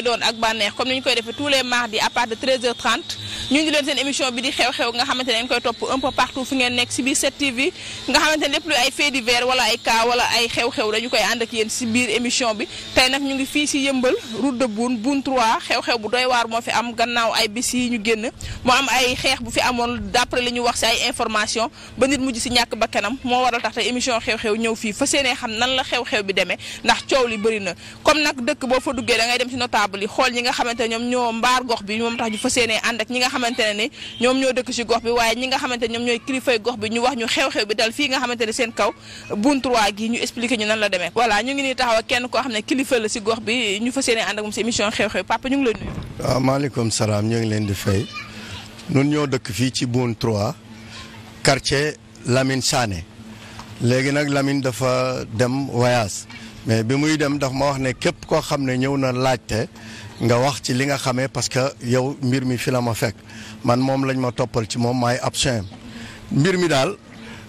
doon ak bànneex comme ni koy defee tous les mardis à partir de 13 h ñu ngi leen seen émission bi di xew-xew nga xamante ne dañ koy topp un peu partout fu ngeen nekk si ne lépp lu ay fait divers wala ay cas wala ay xew-xew dañu si biir émission bi tey nag ñu ngi fii si yëmbal route de Boune Boune xew-xew bu doy waar moo fi am gannaaw ay bis yi ñu génn moo am ay xeex bu fi amoon d'après li ñu wax si ay information ba nit mujj si ñàkk bakkanam moo waral tax te émission xew-xew ñëw fii fa seenee xam nan la xew-xew bi demee ndax coow li bëri na comme nag dëkk boo fa duggee da ngay dem si notable yi xool ñi nga xamante ne ñoom ñoo mbaar gox bi moom tax ñu fa seenee ànd ñi nga xam xamante ne ni ñoom ñoo dëkk ci gox bi waaye ñi nga xamante ne ñoom ñooy kilifay gox bi ñu wax ñu xew-xew bi dal fii nga xamante ne seen kaw buntu waa gi ñu expliqué ñu nan la demee voilà ñu ngi nii taxaw a kenn koo xam ne kilifa la ci gox bi ñu fas yéene ànd ak moom ci émission xew-xew papa ñu ngi ah, maaleykum salaam ñu ngi leen di fay ñun ñoo dëkk fii ci Boune 3 quartier Lamine Sané léegi nag Lamine dafa dem voyage mais bi muy dem daf ma wax ne képp koo xam ne ñëw na laajte nga wax ci li nga xamee parce que yow mbir mi fi la ma fekk man moom lañ ma toppal ci moom maay absent mbir mi daal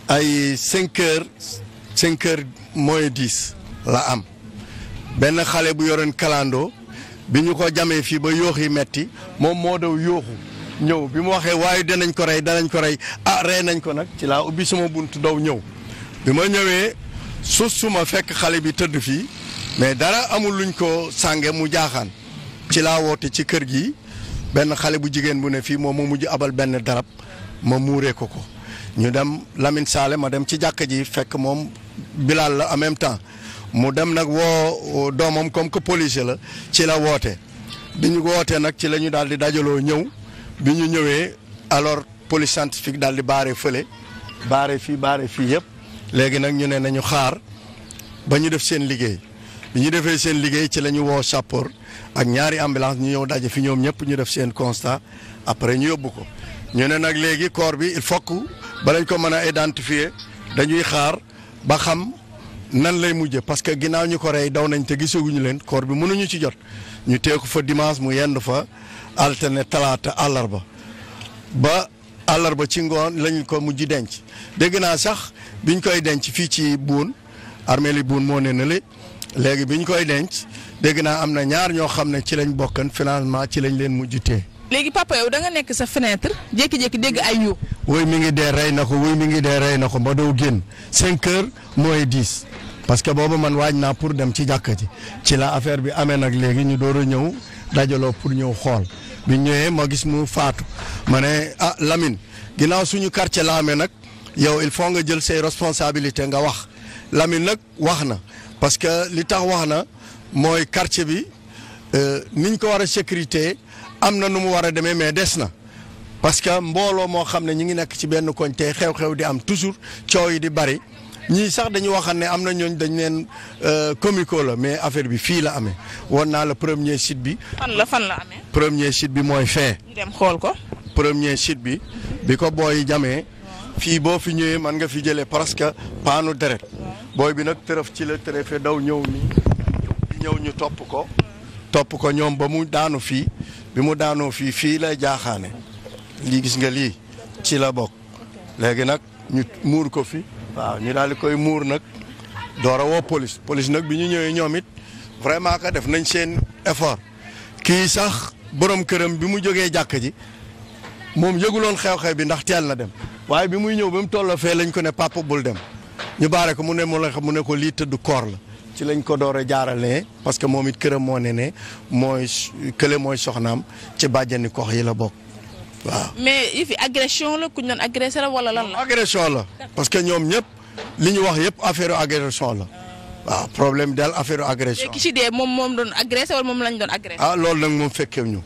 ay cinq heures cinq heures moins dix la am benn xale bu yoroon kalandoo bi ñu ko jamee fii ba yoox yi metti moom moo daw yooxu ñëw bi mu waxee waaye danañ ko rey danañ ko rey ah rey nañ ko nag ci laa ubbi suma bunt daw ñëw bi ma ñëwee su suma fekk xale bi tëdd fii mais dara amul luñ ko sange mu jaaxaan ci la woote ci kër gi benn xale bu jigéen bu ne fii moom mu mujj abal benn darab ma muuree ko ko ñu dem lamin Saale ma dem ci jàkka ji fekk moom Bilal la en même temps mu dem nag woo doomam comme que policier la ci la woote bi ñu wootee nag ci la ñu daal di dajaloo ñëw bi ñu ñëwee alors police scientifique daal di baare fële baare fii baare fii yëpp léegi nag ñu ne nañu xaar ba ñu def seen liggéey bi ñu defee seen liggéey ci la ñu woo sapeur ak ñaari ambulance ñu ñëw daje fi ñoom ñëpp ñu def seen constat après ñu yóbbu ko ñu ne nag léegi corps bi il faut ba lañ ko mën a identifier dañuy xaar ba xam nan lay mujje parce que ginnaaw ñu ko rey daw nañ te gisaguñu leen corps bi mënuñu ci jot ñu teeku fa dimanche mu yend fa altine talaata àllarba ba àllarba ci ngoon lañu ko mujj denc dégg naa sax biñ koy denc fii ci buun armée buun moo ne na léegi biñ koy denc dégg naa am na ñaar ñoo xam ne ci lañ bokkan financement ci lañ leen mujjutee. léegi papa yow da nga nekk sa fenêtre jékki-jékki dégg ay yu. wuy mi ngi dee rey na ko wuy mi ngi dee rey na ko ba doo génn cinq heures mooy diis parce que booba man waaj naa pour dem ci jàkka ji ci la affaire bi amee nag léegi ñu door a ñëw dajaloo pour ñëw xool bi ñëwee ma gis mu faatu ma ne ah Lamine ginnaaw suñu quartier la amee nag yow il faut nga jël see responsabilité nga wax Lamine nag wax na parce que li tax wax na. mooy quartier bi euh, niñ ko war a sécurité am na nu mu war a demee mais des na parce que mbooloo moo xam ne ñu ngi nekk ci benn koñ te xew-xew di am toujours coow yi di bari ñii sax dañu waxoon ne am na ñooñ dañ leen euh, comico la mais affaire bi fii la amee won naa la premier site bi. fan la fan la amee. premier site bi mooy fee. dem xool ko. premier site bi bi ko booy jamee fii boo fi ñëwee mën nga fi jëlee presque paanu deret booy bi nag tërëf ci la tërëfee daw ñëw nii. ñëw ñu topp ko topp ko ñoom ba mu daanu fii bi mu daanoo fii fii lay jaaxaane lii gis nga lii ci la bokk léegi nag ñu muur ko fi waaw ñu daal di koy muur nag doora woo police police nag bi ñu ñëwee ñoom it vraiment que def nañ seen effort kii sax borom këram bi mu jógee jàkk ji moom yëguloon xew-xew bi ndax teel na dem waaye bi muy ñëw ba mu tolloo fee lañ ko ne papa bul dem ñu baare ko mu ne mu ne ko liit du koor la ci lañ ko door a jaaralee parce que moom it këram moo ne ne mooy kële mooy soxnaam ci bàjjani gox yi la bokk waaw. mais yi fi agression la ku ñu doon agressé wala lan la. agression la parce que ñoom ñëpp li ñu wax yëpp affaire agression la. waaw problème daal affaire agression. ki ci dee moom moom doon agressé moom lañ doon agressé. ah loolu nag moom fekkee ñu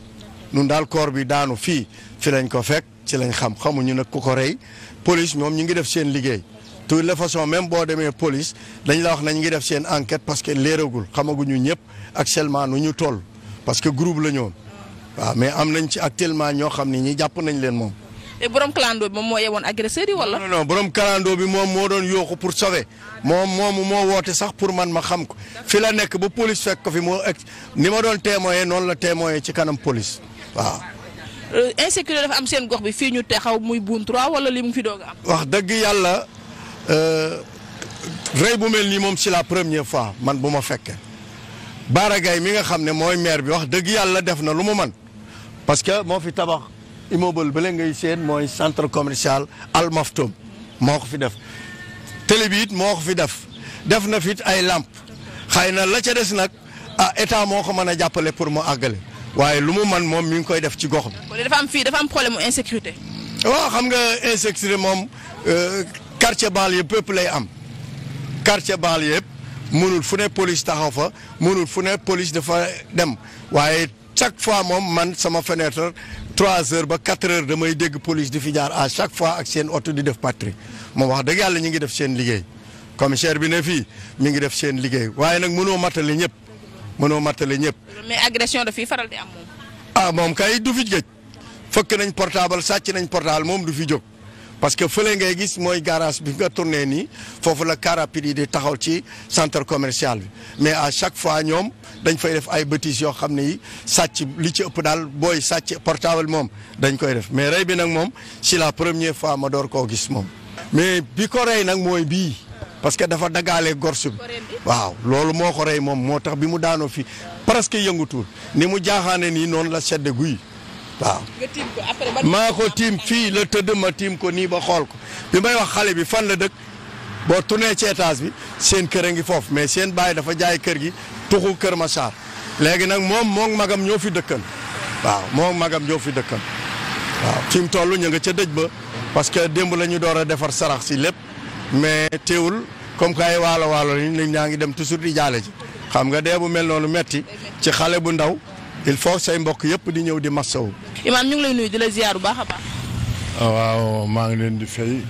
ñun daal corps bi daanu fii fi lañ ko fekk ci lañ xam xamuñu nag ku ko rey police moom ñu ngi def seen liggéey. toutes les façons même boo demee police dañ la wax nañ ngi def seen enquête parce que gu ñu ñëpp actuellement nu ñu toll parce que group la ñoon waaw mais am nañ ci actuellement ñoo xam ne ñi jàpp nañ leen moom. te borom clando bi moom moo yewoon agresseur yi wala. non non moom moo doon yooxu pour sauver moom moomu moo woote sax pour man ma xam ko fi la nekk ba police fekk ko fi moo ni ma doon témoigner noonu la témoigner ci kanam police waaw. Euh, insécurité dafa am seen gox bi fii ñu taxaw muy buun 3 wala li mu fi doog am. wax yàlla Euh, rey bu mel nii moom si la première fois man bu ma fekkee Bara Gaye mi nga xam ne mooy maire bi wax dëgg yàlla def na lu mu man parce que moo fi tabax immeuble ba ngay seen mooy centre commercial Al moo ko fi def télé it moo ko fi def def na fit ay làmp xëy na la ca des nag a état moo ko mën a jàppale pour mu àggale waaye lu mu man moom mi ngi koy def ci gox bi. dafa am fii dafa am problème insécurité. waaw xam nga insécurité moom. Euh, quartier banlieue yëpp lay am quartier banlieue yëpp mënul fu ne police taxaw fa mënul fu ne police dafa dem waaye chaque fois moom man sama fenêtre trois heures ba quatre heures damay dégg police di fi jaar à chaque fois ak seen oto di def patrouille moom wax dëgg yàlla ñu ngi def seen liggéey commissaire bi ne fii mi ngi def seen liggéey waaye nag mënoo matale ñëpp mënoo matale ñëpp. mais agression daf fi faral di am moom. ah moom kay du fi gëj fëkk nañ portable sàcc nañ portable moom du fi jóg. parce que fële ngay gis mooy garage bi nga tourné nii foofu la car rapide yi di taxaw ci centre commerciale bi mais à chaque fois ñoom dañ fay def ay bêtises yoo xam ne yi sàcc li ci ëpp daal booy sàcc portable moom dañ koy def mais rey bi nag moom si la premier fois ma door koo gis moom. mais bi ko rey nag mooy bii parce que dafa dagaale gorsu bi waaw loolu moo ko rey moom moo tax bi mu daanoo fi presque yëngutul ni mu jaaxaane nii noonu la sedd guy. waaw. maa ko tiim fii la tëdd ma tiim ko nii ba xool ko bi may wax xale bi fan la dëkk boo tunee ci bi seen kër a ngi foofu mais seen baay dafa jaay kër gi tuxu kër Massar léegi nag moom moo magam ñoo fi dëkkan waaw moo magam ñoo fi dëkkan waaw fi mu toll ñu nga ca dëj ba parce que demb la ñu door a defar sarax si lépp mais teewul comme que waalo waalo lañu nit ñaa ngi dem toujours di jaale ji xam nga dee bu mel noonu metti ci xale bu ndaw. il faut say mbokk yëpp di ñëw di massaw imaam ñu ngi lay nuyu di la ziar baax a baax. Ah, waaw maa ngi leen di fay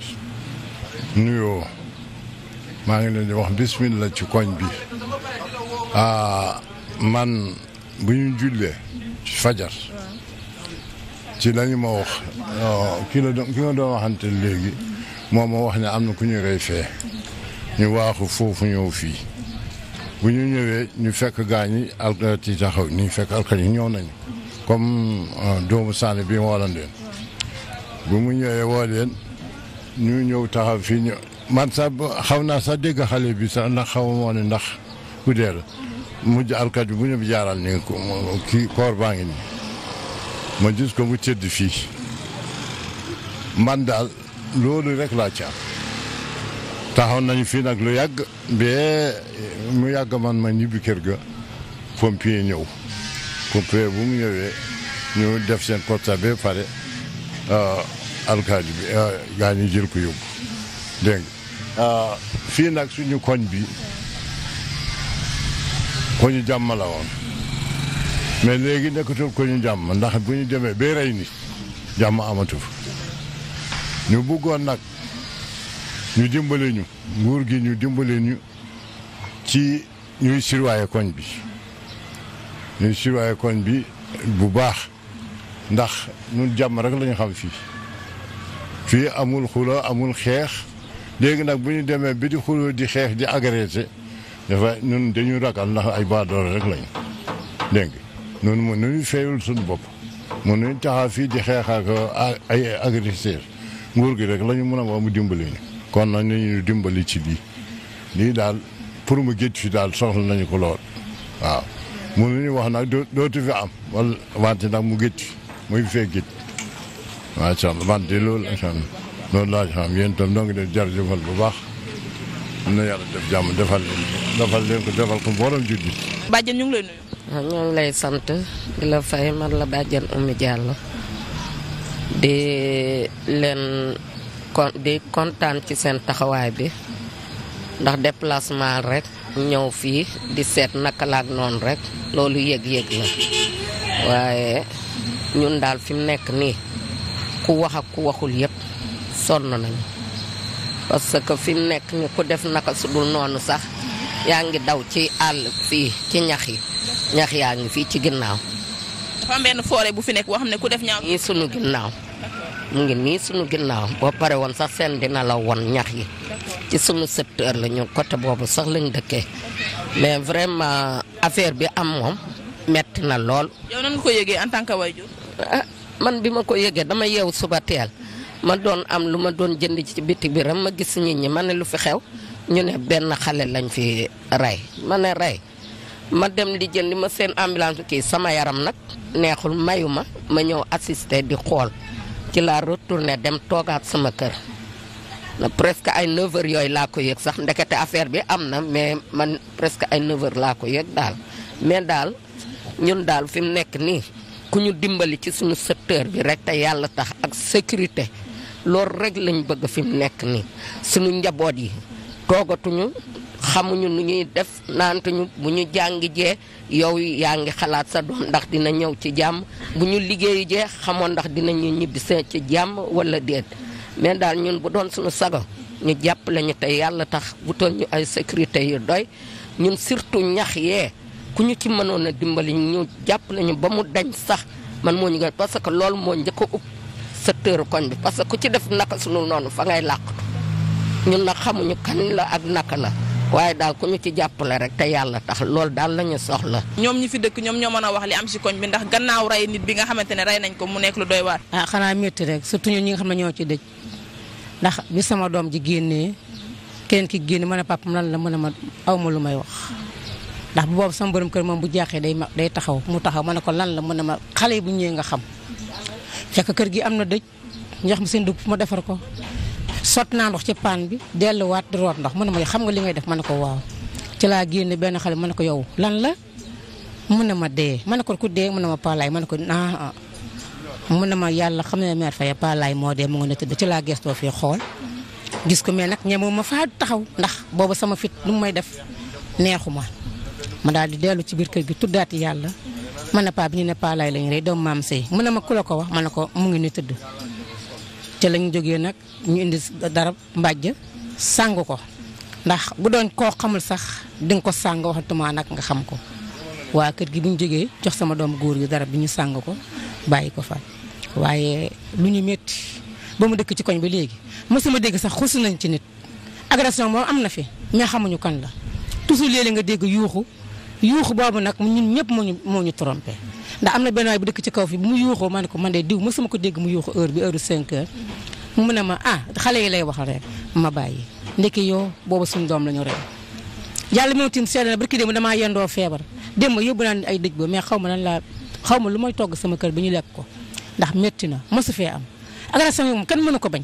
nuyoo maa ngi leen di wax bismillah ci koñ bi ah man bu ñu jullee fajar ci lañu ma wax ah, ki la ki nga doon waxante léegi moom moo wax ne am na ku ñu rey fee ñu waaxu foofu ñëw fii. bu ñu ñëwee ñu fekk gaañi yi al euh, ci taxaw fekk alkali yi ñëw nañu comme euh, doomu Sane bi ma waroon leen bu mu ñëwee woo ñu ñëw taxaw fii ñu man sax xaw naa sa dégg xale bi sax ndax xaw moo ndax ku dee la mujj bu ñu jaaral ni kii koor baa ngi ma gis ko mu tëdd fii man daal loolu rek laa ci taxaw nañu fii nag lu yàgg bee mu yàgg man ma ñibbi kër ga pompier ñëw pompier bu mu ñëwee ñu def seen constat ba pare euh, alkaati bi euh, gaa ñu jël yóbbu dégg euh, fii nag suñu koñ bi ko ñu jàmm la woon mais léegi nekkatul ko ñu jàmm ndax bu ñu demee ba rey ni jàmm amatu ñu buggoon nag ñu dimbale ñu nguur gi ñu dimbale ñu ci ñuy surveiller koñ bi ñuy surveiller koñ bi bu baax ndax ñun jàmm rek lañu xam fii fii amul xula amul xeex léegi nag bu ñu demee bi di xuloo di xeex di agressé dafa ñun dañuy ragal ndax ay baadoole rek lañu dégg noonu ñun mën nañu suñu bopp mën nañu taxaw fii di xeex ak ay agresseur nguur gi rek lañu mën a wax mu dimbali ñu kon nag ñu dimbali ci lii lii daal pour mu géej fi daal soxla nañu ko lool waaw mënuñu wax nag dootu fi am wala wante nag mu gét fi muy fee géej macha allah wante loolu la xam loolu laa xam yéen itam noo bu baax na yàlla def jàmm defal defal leen defal ko mboolem juddi. Badiane ñu ah, lay sant di la fay man la Badiane Oumy Diallo di leen. kon di kontaan ci seen taxawaay bi ndax déplacement rekk ñëw fii di seet naka laak noonu rekk loolu yëg-yëg la waaye ñun daal fi mu nekk nii ku wax ak ku waxul yépp sonn nañu parce que fi mu nekk ni ku def naka sudul noonu sax yaa ngi daw ci àll fii ci ñax yi ñax yaa ngi fii ci ginnaaw. dafa am benn forêt bu fi nekk boo xam ne ku def ñaaw. ñii sunu ginnaaw. mu ngi nii suñu ginnaaw boo pare woon sax seen dina la woon ñax yi ci suñu secteur la ñu côté boobu sax lañ dëkkee mais vraiment affaire bi am moom metti na lool. ko yëgee en tant que waajur. Ah, man bi ma ko yëgee dama yeewu suba teel ma doon am lu ma doon jënd ci bitig bi rek ma gis nit ñi ma ne lu fi xew ñu ne benn xale lañ fi rey ma ne rey. ma dem di jëndi ma seen ambulance kii sama yaram nag neexul mayu ma ma ñëw assister di xool ci laa retourné dem toogaat sama kër na presque ay 9 yooyu laa ko yëg sax ndekete affaire bi am na mais man presque ay 9 laa ko yëg daal mais daal ñun daal fi mu nekk nii ku ñu dimbali ci suñu secteur bi rek te yàlla tax ak sécurité loolu rek lañ bëgg fi mu nekk nii suñu njaboot yi toogatuñu xamuñu nu ñuy def naantuñu bu ñu jàng jee yow yaa ngi xalaat sa doom ndax dina ñëw ci jàmm bu ñu liggéey jee xamoon ndax dinañu ñibbi see ci jàmm wala déet mais daal ñun bu doon suñu sago ñu jàppale ñu tey yàlla tax wutal ñu ay sécurité yu doy ñun surtout ñax yee ku ñu ci mënoon a dimbali ñu jàpp ñu ba mu dañ sax man moo ñu gën parce que loolu moo njëkk a ub sa tëru koñ bi parce que ku ci def naka sunu noonu fa ngay làqatu ñun na xamuñu kan la ak naka la waaye daal ku ñu ci jàppale rek te yàlla tax loolu daal la soxla. ñoom ñi fi dëkk ñoom ñoo mën a wax li am si koñ bi ndax gannaaw rey nit bi nga xamante ne rey nañ ko mu nekk lu doy waar. ah xanaa métti rek surtout ñun ñi nga xam ne ñoo ci dëj ndax sama doom ji génnee keneen ki génne ma ne papam lan la mën a ma aw ma lu may wax ndax boobu sama borom kër moom bu jaaxee day day taxaw mu taxaw ma ne ko lan la mën a ma xale bu ñëwee nga xam fekk kër gi am na dëj ñax ma seen dugub ma defar ko sot naa ndox ci paan bi delluwaat di root ndox mu ne ma xam nga li ngay def ma ne ko waaw ci laa génn benn xale ma ne ko yow lan la mu ne ma dee ma ne ko ku dee mu ne ma paalaay ma ne ko ah mu ne ma yàlla xam ne meer moo dee mu na ne ci laa gestoo fii xool gis ko mais nag ñemewu ma faa taxaw ndax booba sama fit lu may def neexu ma ma daal di dellu ci biir kër gi tuddaati yàlla ma ne paa bi ñu ne paalaay lañu rey doomu maam sëy mu ne ma ku ko wax ma ne ko mu ngi ne tëdd ca lañ jógee nag ñu indi darab mbàjj sàng ko ndax bu doon koo xamul sax di ko sàng waxatuma nag nga xam ko waa kër gi bu ñu jógee jox sama doom góor gi dara bi ñu sàng ko bàyyi ko fa waaye lu ñu métti ba mu dëkk ci koñ bi léegi ma sama dégg sax xusu nañ ci nit agression moom am na fi mais xamuñu kan la toujours léeg-léeg nga dégg yuuxu yuuxu boobu nag mu ñëpp moo ñu moo ñu trompé ndax am na benn waay bu dëkk ci kaw fi bu mu yuuxoo ma ne ko man de diw mësuma ko dégg mu yuuxu heure bi heure cinq heures mu ne ma ah xale yi lay waxal rek ma bàyyi ndekki yow boobu suñu doom la ñu rey yàlla moom tin seede na barki démb damaa yendoo feebar démb yóbbu naa ay dëj ba mais xaw ma nan laa xaw ma lu may togg sama kër bi ñu lekk ko ndax métti na mësu fee am agression yi moom kenn mënu ko bañ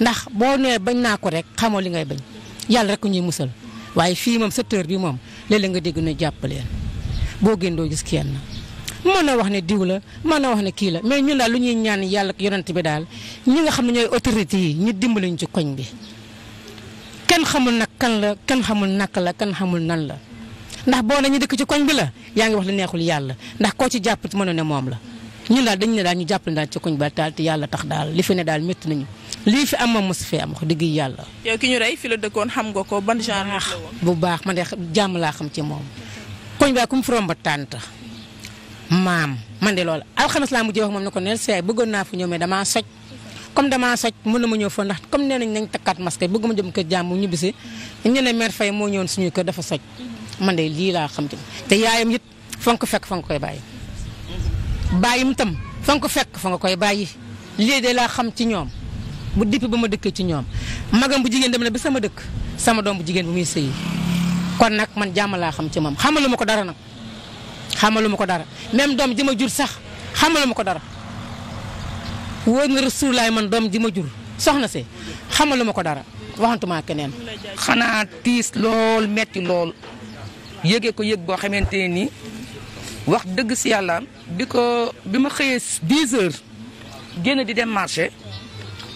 ndax boo nee bañ naa ko rek xamoo li ngay bañ yàlla rek ko ñuy musal waaye fii moom secteur bi moom léeg nga dégg ñu jàpp boo génn doo gis kenn mën a wax ne diw la mën a wax ne kii la mais ñun daal lu ñuy ñaan yàlla ak yonent bi daal ñi nga xam ne ñooy autorité yi ñu dimbaliñ ci koñ bi kenn xamul nag kan la kenn xamul nak la kenn xamul nan la ndax boo nañu dëkk ci koñ bi la yaa ngi wax li neexul yàlla ndax koo ci jàpp mën ne moom la ñun daal dañu ne daal ñu jàppale daal ci koñ ba daal te yàlla tax daal li fi ne daal métti nañu lii fi am moom mos fi am wax dëgg yàlla. ñu rey fi la dëkkoon xam nga ko ban genre ah, bu baax man de jàmm laa xam ci moom. koñ baay ku mu forom ba tànt maam man de loolu alxames laa mujjee wax moom ne ko neel seey bëggoon naa fu ñoomee damaa soj. comme damaa soj mën na ma ñëw fa ndax comme nee nañ nañ takkaat masque bëgg ma jëm kër jàmm ñibbisi ñu ne mère Faye moo ñëwoon suñu kër dafa soj man de lii laa xam ci te yaayam it fonk fekk fa nga koy bàyyi. mu tam fa fekk fa nga koy bàyyi li de laa xam ci ñoom bu dipp ba ma dëkkee ci ñoom magam bu jigéen dem na ba sama dëkk sama doom bu jigéen bu muy sëyi kon nag man jàmm laa xam ci moom lu ma ko dara nag xamalu ma ko dara même doom ji ma jur sax xamalu ma ko dara wóor na Rasulullaay man doom ji ma jur soxna si xamalu ma ko dara waxantuma keneen. xanaa tiis lool metti lool yëgee ko yëg boo xamante ne nii wax dëgg si yàlla bi ko bi ma xëyee 10 heures génn di dem marché.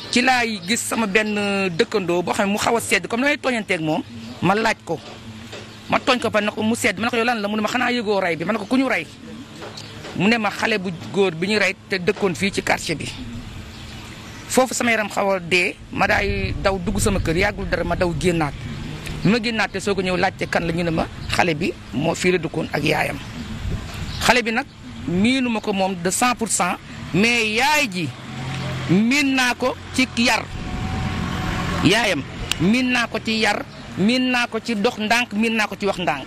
ci laay gis sama benn dëkkandoo boo xam ne mu xaw a sedd comme damay tooñanteeg moom ma laaj ko ma tooñ ko ba na ko mu sedd ma ne ko yow lan la mu ne ma xanaa yëgoo rey bi ma ne ko ñu rey ne ma xale bu góor bi ñu rey te dëkkoon fii ci quartier bi. foofu sama yaram xaw a dee ma daay daw dugg sama kër yàggul dara ma daw génnaat bi ma génnaat te soo ko ñëw laajte kan la ñu ne ma xale bi moo fii la dëkkoon ak yaayam xale bi nag miinu ma ko moom de 100 pour cent mais yaay ji. miin naa ko ci yar yaayam miin naa ko ci yar miin naa ko ci dox ndànk miin naa ko ci wax ndànk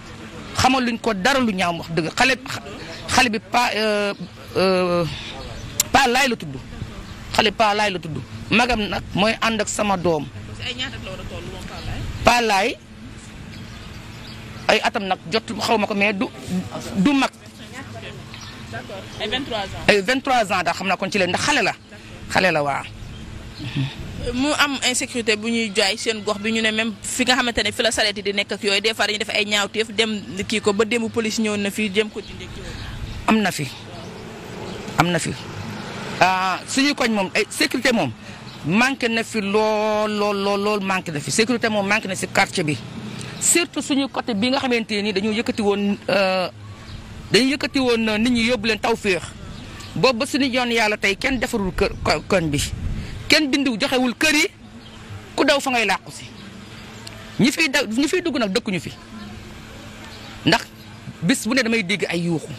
xamal luñ ko dara lu ñaaw wax dëgg xale bi pa euh, euh, pa laay la tudd xale pa laay la tudd magam nag mooy ànd ak sama doom pa laay ay atam nag jot xaw ma ko mais du du mag ay 23 ans daa xam naa kon ci leen ndax xale la xale la waaw. mu am insécurité bu ñuy jaay seen gox bi ñu ne même fi nga xamante ne fi la sareet yi di nekk ak yooyu des fois dañuy def ay ñaawteef dem kii ko ba démb police ñëw na fii jëm ko dindi am na fi am na fi ah, suñu koñ moom ay eh, sécurité moom manqué na fi lool lool lool lool manqué na fi sécurité moom manqué na si quartier bi surtout suñu côté bi nga xamante nii euh, dañu yëkkati woon dañu yëkkati woon nit ñi yóbbu leen taw féex boobu ba suñu yoon yàlla tey kenn defarul kër koñ bi kenn dindiw joxewul kër yi ku daw fa ngay làqu si ñi fiy daw ñi fiy dugg nag dëkkuñu fi ndax bis bu ne damay dégg ay yuuxu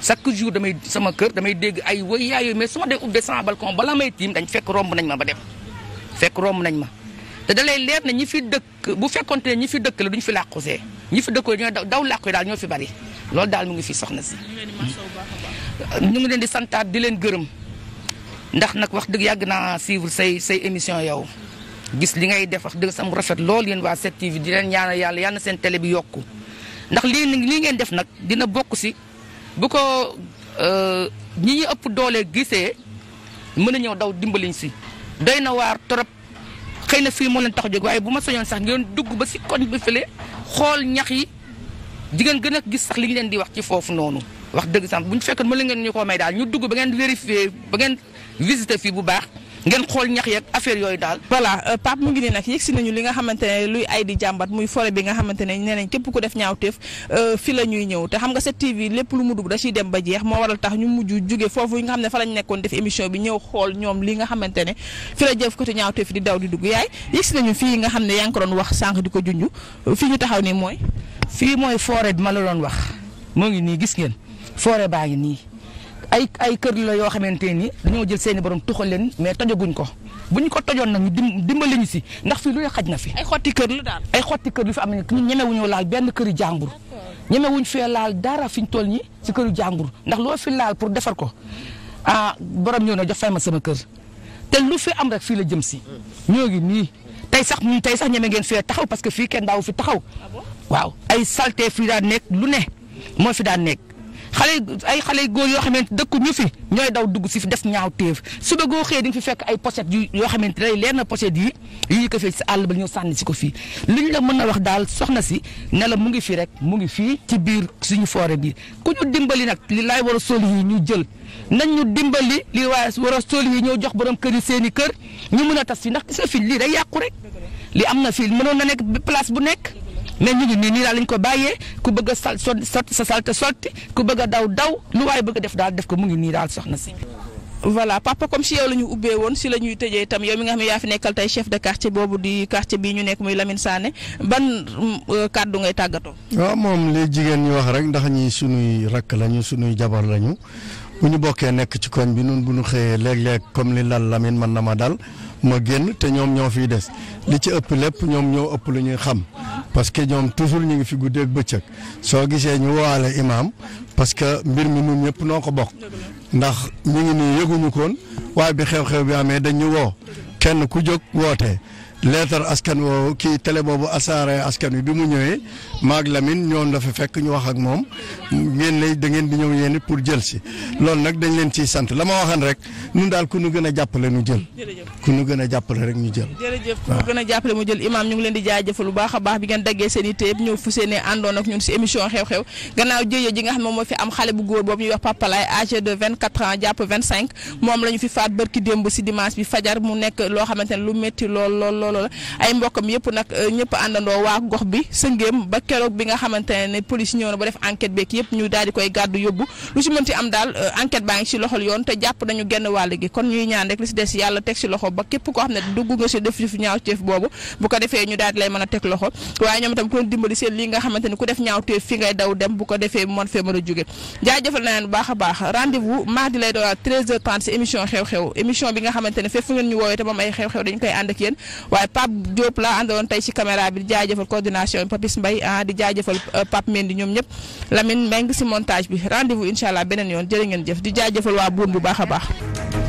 chaque jour damay sama kër damay dégg ay way yaay mais su ma dee ubbee sama balcon balaa may tiim dañ fekk romb nañ ma ba dem fekk romb nañ ma te da lay leer ne ñi fi dëkk bu fekkonte ne ñi fi dëkk la duñ fi làqu see ñi fi dëkk la ñooy daw daw làqu yi daal ñoo fi bari loolu daal mu ngi fi soxna si ñu ngi leen di santaat di leen gërëm ndax nag wax dëgg yàgg naa suivre say say émission yow gis li ngay def wax dëgg sam rafet lool yéen waa 7TV di leen ñaanal yàlla yal na seen télé bi yokk ndax lii lii ngeen def nag dina bokk si bu ko euh, ñi ñu ëpp doole gisee mën a ñëw daw dimbaliñ si doy na waar trop xëy na fii moo leen tax a waaye bu ma soñoon sax ngeen dugg ba si koñ bi fële xool ñax yi di ngeen gën a gis sax li ñu leen di wax ci foofu noonu wax dëgg sant bu ñu fekkoon mën ngeen ñu koo may daal ñu dugg ba ngeen vérifier ba ngeen visiter fii bu baax. ngeen xool ñax yeeg affaire yooyu daal. voilà euh, Pape mu ngi nii nag yegsi nañu li nga xamante ne luy ay di jàmbat muy forêt bi nga xamante ne nee nañ képp ku def ñaawteef euh, fi la ñuy ñëw te xam nga 7TV lépp lu mu dugg da ciy dem ba jeex moo waral tax ñu mujj jóge foofu yi nga xam ne fa lañ nekkoon def émission bi ñëw xool ñoom li nga xamante ne fi la jëf côté ñaawteef di daw di dugg yaay yegsi nañu fii nga xam ne yaa ngi ko doon wax sànq di ko junj fii ñu taxaw nii mooy. fii mooy forêt bi ma la doon wax moo ngi nii gis ngeen. forêt baa ngi nii ay ay kër la yoo xamante ni dañoo jël seeni borom tuxal leen mais tojaguñ ko bu ñu ko tojoon nag ñu dimbali ñu si ndax fii lu ne xaj na fi. ay xotti kër la ay xotti kër lu fi am ne ñu ñemewuñoo laal benn këri jàmbur. ñemewuñ fee laal dara fi ñu toll ñi si këru jàmbur ndax loo fi laal pour defar ko ah borom ñëw na jox fay ma sama kër te lu fi am rek fii la jëm si. ñoo ngi nii tey sax ñun tey sax ñeme ngeen fee taxaw parce que fii kenn daaw fi taxaw ah waaw ay salté fii daan nekk lu ne moo fi daan nekk xale ay xale góor yoo xamante dëkku ñu fi ñooy daw dugg si fi def ñaaw téef suba goo xee di nga fi fekk ay pochette yu yoo xamante day leer na pochette yi yi ko fii si àll ba ñëw sànni si ko fii liñ la mën a wax daal soxna si ne mu ngi fii rek mu ngi fii ci biir suñu forêt bi ku ñu dimbali nag li laay war a sol yi jël nañ ñu dimbali li waaye war a sol yi ñëw jox borom kër yi seen kër ñu mën a tas fii ndax gis lii day yàqu rek li am na fii mënoon na nekk place bu nekk mais ñu ngi nii nii daal lañ ko bàyyee ku bëgg a sal sotti sa salte ku bëgg daw daw lu waaye bëgg def daal def ko mu ngi nii daal soxna si. voilà papa comme si yow la ñu ubbee woon si la ñuy tëjee tam yow mi nga xam ne yaa fi nekkal tey chef de quartier boobu di quartier bii ñu nekk muy lamin Sané ban euh, kàddu ngay tàggatoo. waaw moom li jigéen ñi wax rek ndax ñi sunuy rakk lañu sunuy jabar lañu bu ñu bokkee nekk ci koñ bi nun bu ñu xëyee léeg-léeg comme li lal Lamine mën na ma dal ma génn te ñoom ñoo fiy des li ci ëpp lépp ñoom ñoo ëpp lu ñuy xam parce que ñoom toujours ñu ngi fi guddeeg bëccëg soo gisee ñu woowaale imaam parce que mbir mi ñun ñëpp noo ko bokk ndax ñu ngi nii yëguñu koon waaye bi xew-xew bi amee dañu woo kenn ku jóg wootee leetar askan woo kii télé boobu asaare askan wi bi mu ñëwee maag Lamine ñoom dafa fekk ñu wax ak moom la ma waxan rek ñun daal ku ñu a jàppale ñu jël. ku ñu gën a jàppale rek ñu ngi leen di jaajëfal bu baax a baax bi ngeen daggee seen i téeb ñëw fu seen àndoon ak ñun si émission xew-xew gannaaw jëye ji nga xam moom moo fi am xale bu góor boobu ñuy wax papalaay âgé de 24 ans jàpp 25 moom la fi faat bërki démb si dimanche bi fajar mu nekk loo xamante lu métti lool lool loolu la ay mbokkam yëpp nag euh, ñëpp àndandoo waa gox bi sëngéem ba keroog bi nga xamante ne police ñëw na ba def enquête beeg yëpp ñu daal koy gàddu yóbbu lu ci mën ci am daal euh, enquête baa ngi ci loxol yoon te jàpp nañu genn wàll gi kon ñuy ñaan émission xew-xew émission bi nga xamante ne fu ngeen ñu woowee te moom ay xew-xew dañu koy ànd ak waaye Pape Diop laa àndaloon tey ci caméra bi di jaajëfal coordination bi Papis Mbaye ah di jaajëfal euh, Pape Mendy ñoom ñëpp Lamine Mbengue ci montage bi rendez-vous incha allah beneen yoon jërë ngeen jëf di jaajëfal waa buun bu baax a baax.